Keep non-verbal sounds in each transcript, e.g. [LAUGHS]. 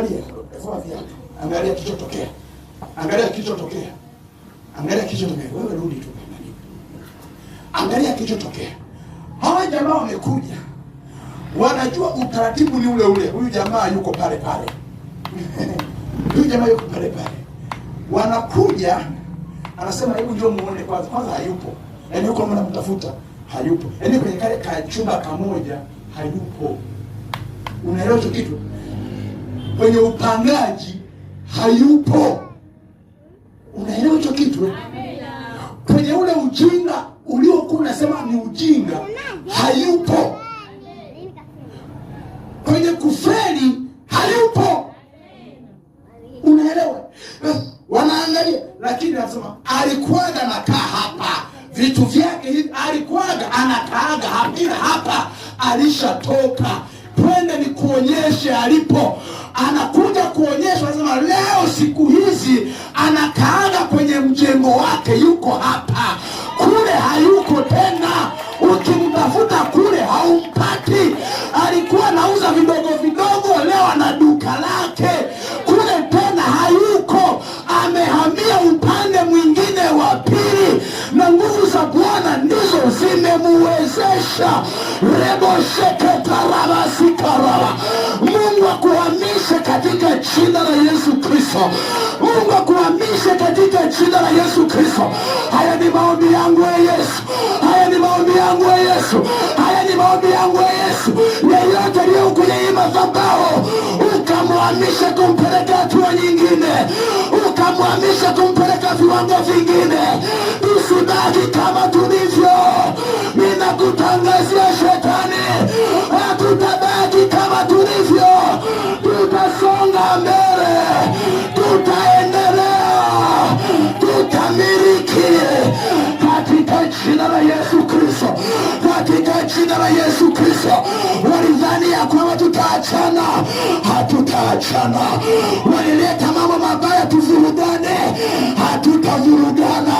angalia, vua viatu, angalia kilichotokea, angalia kilichotokea, angalia kilichotokea. Wewe rudi tu, angalia kilichotokea. Hawa jamaa wamekuja, wanajua utaratibu ni ule ule, huyu jamaa yuko pale pale [LAUGHS] huyu jamaa yuko pale pale, wanakuja anasema hebu ndio muone kwanza. Kwanza hayupo, yaani huko mtafuta, hayupo, yaani kwenye kale kachumba kamoja hayupo. Unaelewa hicho kitu? kwenye upangaji hayupo. Unaelewa hicho kitu? Eh? Kwenye ule ujinga uliokuwa unasema ni ujinga, hayupo. Kwenye kufeli hayupo. Unaelewa? Wanaangalia, lakini anasema alikwaga nakaa hapa vitu vyake hivi, alikwaga anakaaga hapa, alishatoka. Twende nikuonyeshe alipo anakuja kuonyeshwa, anasema leo siku hizi anakaa kukuwezesha rebosheketarabasikaraba. Mungu akuhamishe katika jina la Yesu Kristo. Mungu akuhamishe katika jina la Yesu Kristo. Haya ni maombi yangu e Yesu, haya ni maombi yangu e Yesu, haya ni maombi yangu e Yesu. Yeyote aliyo kwenye hii madhabahu ukamhamishe kumpeleka hatua nyingine, ukamhamishe kumpeleka viwango vingine, tusibaki kama tulivyo kutangazia shetani, hatutabaki kama tulivyo, tutasonga mbele, tutaendelea, tutamiliki katika jina la Yesu Kristo, katika jina la Yesu Kristo. Walidhani ya kwamba tutaachana, hatutaachana. Walileta mambo mabaya tuvurugane, hatutavurugana.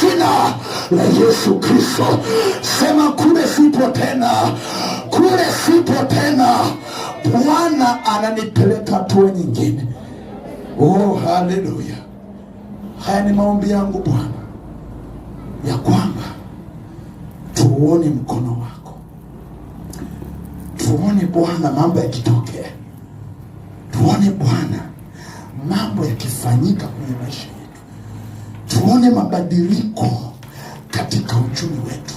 jina la Yesu Kristo. Sema kule sipo tena, kule sipo tena, Bwana ananipeleka hatua nyingine. Oh, haleluya! Haya ni maombi yangu Bwana, ya kwamba tuone mkono wako, tuone Bwana mambo yakitokea, tuone Bwana mambo yakifanyika kwenye maisha tuone mabadiliko katika uchumi wetu.